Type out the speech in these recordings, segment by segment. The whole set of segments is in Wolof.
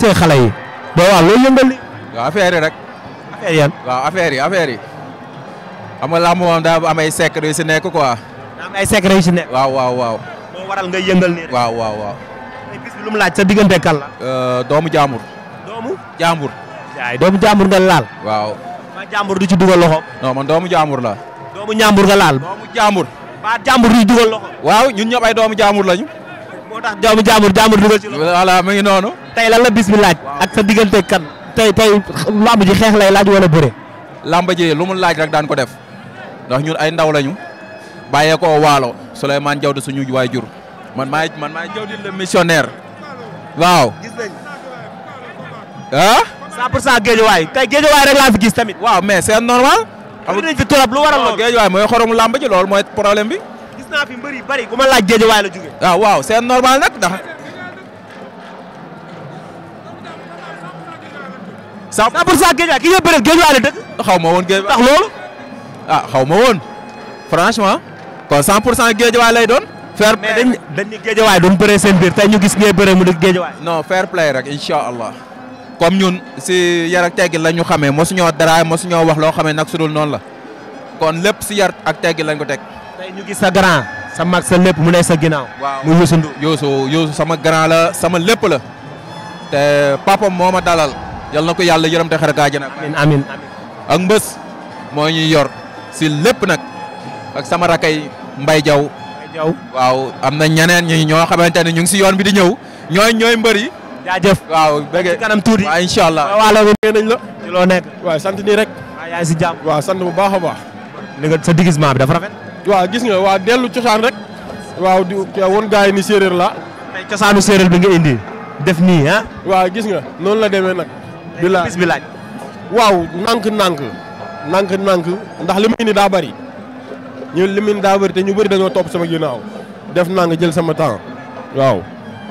te xale yi. mais waaw loolu yëngal li. waaw affaire rek. affaire yan. waaw affaire daa am ay yu si nekk quoi. daa am ay secret yu si waaw waaw waaw. waaw waaw waaw. tey bis bi lu mu laaj sa diggante kan euh, doomu jàmbur. doomu jàmbur. jàmbur nga laal. waaw. ma jàmbur du ci dugal loxo. non man doomu jàmbur la. doomu jàmbur nga laal. doomu jàmbur. ba jàmbur duñ dugal loxo. waaw ñun ñëpp ay doomu jàmbur lañu. moo tax doomu jàmbur jàmbur dugal ci loxo. noonu. tey lan la bi laaj. ak sa diggante kan. tey tey lamb ji xeex lay laaj wala bëre. lamb ji lu laaj rek daan ko def ndax ñun ay ndaw lañu bàyyee ko waalo Souleymane Diaw de suñu waajur man maay man maay Diaw di le missionnaire waaw. gis nañu. ah. 100 pour cent géejewaay tey géejewaay rek laa fi gis tamit. waaw mais c'est normal. am nañ fi trop lu waral lool géejawaay mooy xorom làmb ji loolu mooy problème bi. gis naa fi mbër yu bari ku ma laaj géejawaay la jógee. waaw ah, waaw c'est normal nag ndax. cent pour cent géejawaay ki nga bëre géejawaay la dëkk. xaw ma woon géejawaay tax loolu. Ah, xaw ma woon franchement kon cent pour cent géejawaay lay doon. fair play dañ dañ ni géejawaay doon bëree tey ñu gis ngay bëree mu dëkk géejawaay. non fair play rek incha allah. comme ñun si yar ak teggi la ñu xamee mosuñoo daraay mosuñoo wax loo xamee nag su dul noonu la kon lépp si yar ak teggi lañ ko teg. ñu gis sa grand sa mag sa lépp mu ne sa ginnaaw. waaw mu Youssou Ndour. Youssou sama grand la sama lépp la te papam moo ma dalal yal na ko yàlla yërëm te xarit àjjana. amiin amiin ak mbës moo ñuy yor si lépp nag ak sama rakay mbay jaw Mbaye Diaw waaw am na ñeneen ñi ñoo xamante ne ñu ngi si yoon bi di ñëw ñooy ñooy mbër jaajëf waaw bëgg kanam tuuti waaw incha allah waaw la ngeen nañ la ci loo nekk waaw sant nii rek waaw si jàmm waaw sant bu baax a baax ni nga sa déguisement bi dafa rafet waaw gis nga waaw dellu cosaan rek waaw di woon gars yi ni séeréer la tey cosaanu séeréer bi nga indi def nii ah waaw gis nga noonu la demee nag la bis waaw nànk nànk nànk nànk ndax li ma indi daa bari ñu li mu indi daa bëri te ñu bari dañoo topp sama ginnaaw def naa nga jël sama temps waaw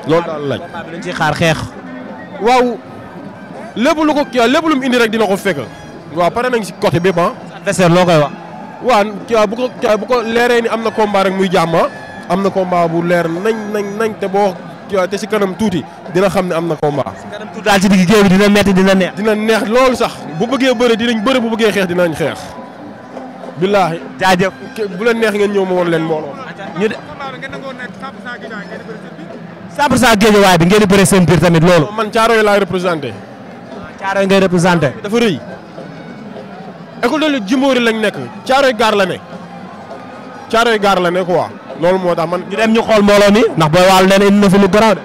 loolu daal laaj combat bi xaar xeex. waaw lépp lu ko lépp lu indi rek dina ko fekk. waaw pare nañ si côté bépp ah. loo koy wax. waaw kii bu ko kii bu ko leeree ni am na combat rek muy jàmma ah. am na combat bu leer nañ nañ nañ te boo te si kanam tuuti dina xam ne am na combat. si kanam tuuti daal si digg géew bi dina metti dina neex. dina neex loolu sax bu bëggee bëre dinañ bëri bu bëggee xeex dinañ xeex. billaahi jaaja bu leen neex ngeen ñëw ma woon leen mbooloo. ñu de. 100% Guédiawaye bi ngeen di bëre seen biir tamit loolu. man Thiaroye laay représenté. Ah, Thiaroye ngay représenté. dafa rëy. école de lutte Jimbori lañ nekk Thiaroye gaar la ne. Thiaroye gaar la ne quoi. loolu moo tax man. ñu dem ñu xool mbooloo mi ndax booy waal nee na indi na fi lu garaaw de.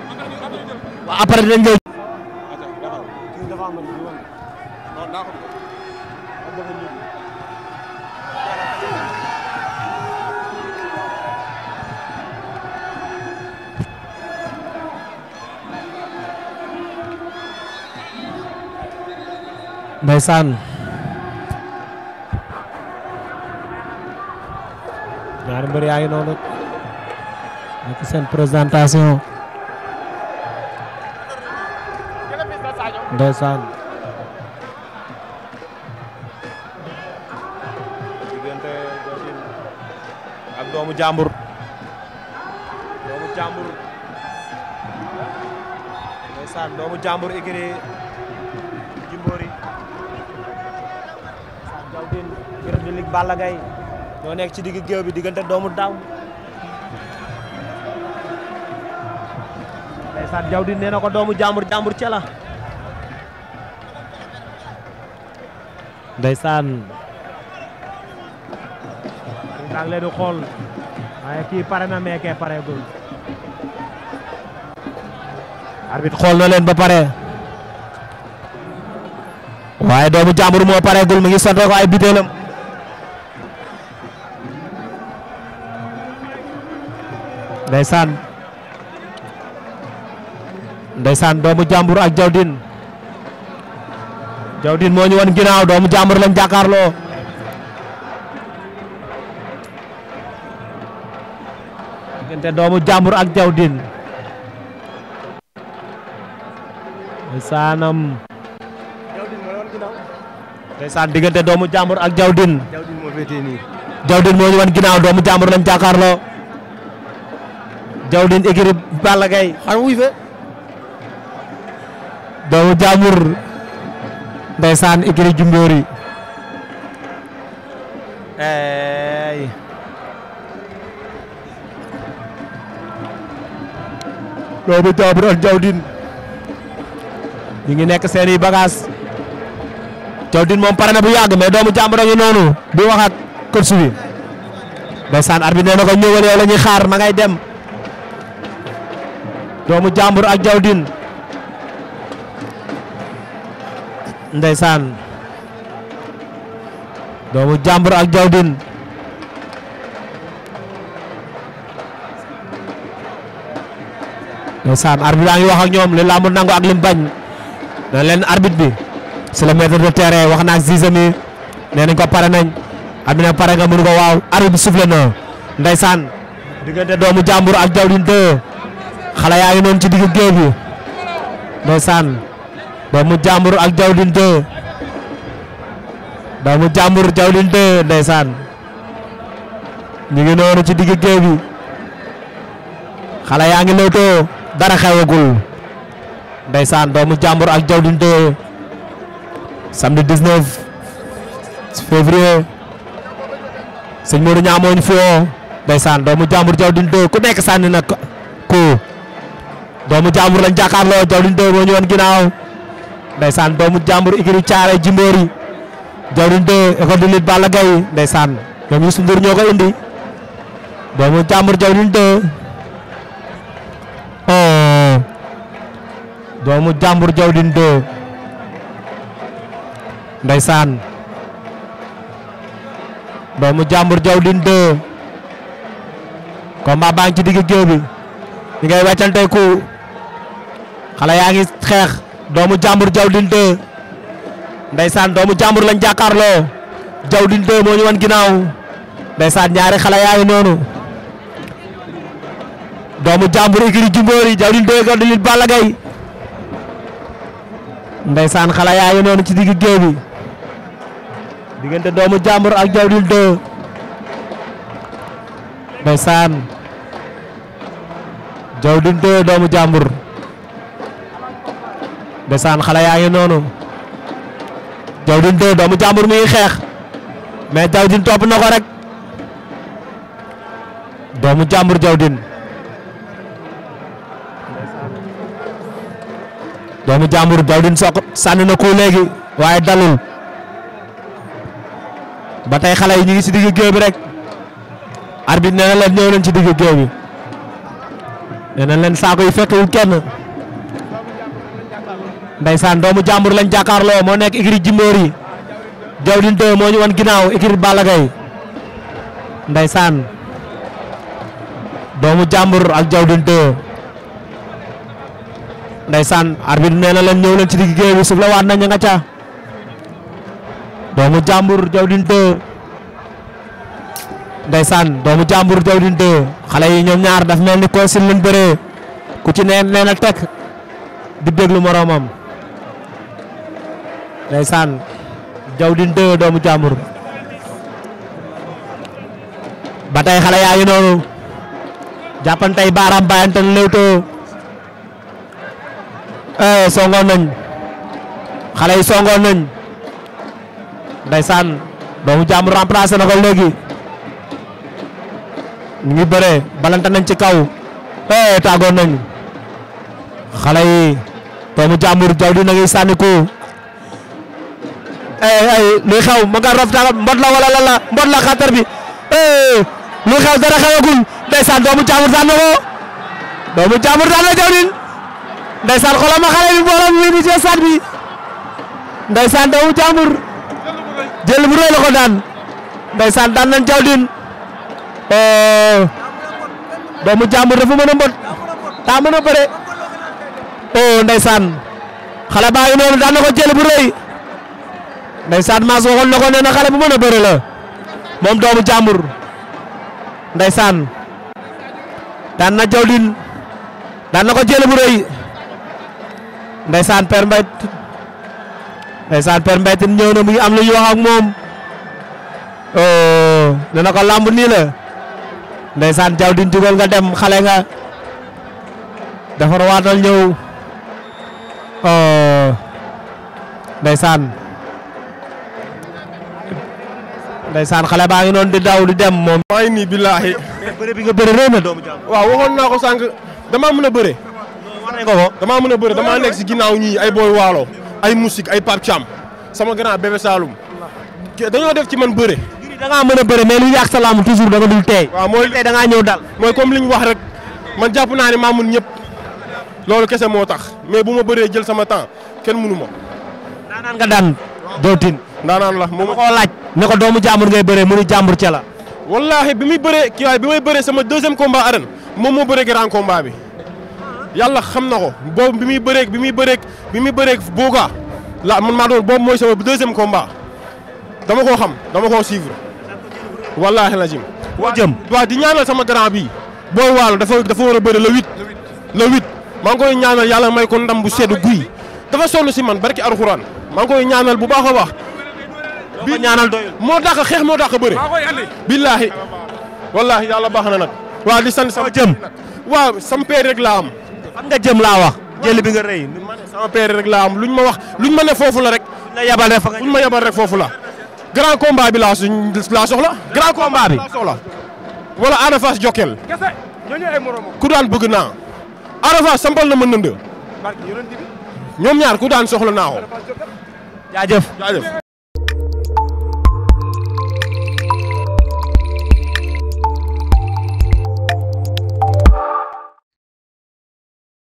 ndeysaan ñaari mbër yaa ngi noonu nekk seen présentation ndeysaan diggante Gorgine ak doomu jàmbur doomu jàmbur doomu jàmbur écrit Kawtine gërëm di lig Balla Gaye ñoo nekk ci digg géew bi diggante doomu daaw ndeysaan Diawdine nee na ko doomu jàmbur jàmbur ca la ndeysaan daa ngi leen di xool waaye kii pare na meekee paregul arbitre xool na leen ba pare waaye doomu jàmbur moo pareegul mi ngi sottee ko ay bitéelam ndeysaan ndeysaan doomu jàmbur ak jawdin jawdin moo ñu won ginnaaw doomu jàmbur lañ jàkkaarloo diggante doomu jàmbur ak jawdin ndeysaanam ndeysaan diggante doomu jàmbur ak Diawdine. Diawdine moo féetee nii. Diawdine moo doomu jàmbur lañ jàkkaarloo. Diawdine écurie Balla Gaye. wuy fe. doomu jàmbur. ndeysaan écurie Jumboor yi. doomu jàmbur ak ñu ngi nekk seeni bagages. Thione moom pare na bu yàgg mais doomu jàmbur ngi noonu di wax ak coach bi ndeysaan arbitre nee na ko la ñuy xaar ma ngay dem doomu jàmbur ak Thione Tine ndeysaan doomu jàmbur ak Thione Tine ndeysaan arbitre a ngi wax ak ñoom li laamu nangu ak lim na leen arbitre bi sur le mètre terrain wax na ak Zize mi nee nañ ko pare nañ am na pare nga mënu ko waaw arbitre bi soufflé na ndeysaan diggante doomu jàmbur ak jawlin deux xale yaa ngi noonu ci digg géew bi ndeysaan doomu jàmbur ak jawlin deux doomu jàmbur jawlin ngi noonu ci digg géew bi xale yaa ngi lewtoo dara xewagul doomu jàmbur ak jawlin samedi 19 février sëñ Modou Niang mooñ fi woo ndeysaan doomu jaambur jaw din doo ku nekk sànni na ko doomu jaambur lañ jàkkaarloo jaw din doo moo ñu woon ginnaaw ndeysaan doomu jaambur igiri caare jimboori jaw din doo école de lutte Balla Gaye ñoom Youssou Ndour ñoo ko indi doomu jaambur jaw din doo ndeysaan doomu jàmbur Jawlin 2 combat baa ngi ci digg géew bi ñi ngay weccante ku xale yaa ngi xeex doomu jàmbur Jawlin 2 doomu jàmbur lañ jàkkaarloo Jawlin 2 moo ñu wan ginnaaw ndeysaan ñaari xale yaa ngi noonu doomu jàmbur ikiri jumboori Jawlin 2 ga du Balla Gaye ndeysaan xale yaa noonu ci digg géew diggante doomu jàmbur ak jawdil dë doomu jàmbur ndeysaan xale yaa ngi noonu jawdil dë doomu jàmbur mi ngi xeex mais jawdin topp ko rek doomu jàmbur jawdin doomu jàmbur jawdin soq sànni na ko léegi waaye dalul ba tey xale yi ñu ngi si digg géew bi rek arbitre nee na leen ñëw leen ci digg géew bi nee na leen saako yi fekkewul kenn ndeysaan doomu jàmbur lañ jàkkaarloo moo nekk écurie Jimboor yi jaw din moo ñu wan ginnaaw écurie Balla Gaye ndeysaan doomu jàmbur ak jaw din deux ndeysaan nee na leen ñëw leen ci digg géew bi suuf la waat na ña nga ca doomu jàmbur Jawdin 2 ndeysaan doomu jàmbur Jawdin 2 xale yi ñoom ñaar daf mel ni consil lañ bëree ku ci neen nee na teg di déglu moroomam ndeysaan Jawdin 2 doomu jàmbur ba tey xale yaa ngi noonu jàppantey baaraam bàyyante ne léwtoo eh, songoon nañ xale yi songoon nañ ndeysaan doomu jàmbur remplacé na ko léegi ñu ngi bëree balante nañ ci kaw eh tàggoon nañ xale doomu jàmbur jawdi na ngi ko ay ay luy xew mu mbot la wala lan mbot la xatar bi eh luy xew dara xewagul ndeysaan doomu jàmbur daan na ko doomu jàmbur jël bu rëy la ko daan ndeysaan daan nañ Diawdine oh. doomu jàmbur dafa mën a mbot daa mën a bëre oh ndeysaan xale baa ngi noonu daan na ko jël bu rëy ndeysaan maas waxoon na ko nee na xale bu mën a bëre la moom doomu jàmbur ndeysaan daan na Diawdine daan na ko jël bu rëy ndeysaan Père Mbaye ndeysaan per mbaytin ñëw na mu ngi am lu ñu wax moom oh, ne ko làmb nii la ndeysaan jaw din jugal nga dem xale nga defar waatal ñëw oh, ndeysaan ndeysaan xale baa ngi noon di daw di dem moom waay nii billaahi bi nga bëre na doomu jàmm waaw waxoon naa ko sànq damaa mën a damaa mën a bëre damaa nekk si ginnaaw ñii ay booy waalo ay musique ay Pape Thiam sama grand bébé Saloum dañoo def ci man bëre. da ngaa mën a bëre mais li ak salaam toujours da dul tey. waaw mooy tey da ngaa ñëw dal. mooy comme li ñu wax rek man jàpp naa ne maa mun ñëpp loolu kese moo tax mais bu ma bëree jël sama temps kenn mënu ma. daanaan nga daan dootin. daanaan la moom ma ko laaj. ne ko doomu jàmbur ngay bëree mënu jàmbur ca la. wallaahi bi muy bëree kii bi may bëree sama deuxième combat arène moom moo bëree grand combat bi. yàlla xam na ko boobu bi muy bëreek bi muy bëreeg bi muy bëreeg boogaa la man maa doon boobu mooy sama deuxième combat dama koo xam dama koo suivre wallaahi la jim waa di ñaanal sama grand bi booy waalo dafa dafa war a bëri la wit le huit maa ngi koy ñaanal yàlla may ko ndam bu sedd guy dafa sonn si man barki alxuraan maa ngi koy ñaanal bu baax a baax bii ñaanal doyul moo dàq xeex moo dàq bëri billaahi wallaahi yàlla baax na nag waaw di sant sama jëm waaw rek laa am fan nga jëm laa wax jëli bi nga rëy ma ne rek laa am luñ ma wax luñ ma ne foofu la rek la yabal luñ ma yabal rek foofu la grand combat bi laa suñ laa soxla grand combat bi soxla wala Ada Fass Jokkel ku daan bëgg naa Ada Fass sampal na ma nënd ñoom ñaar ku daan soxla naa ko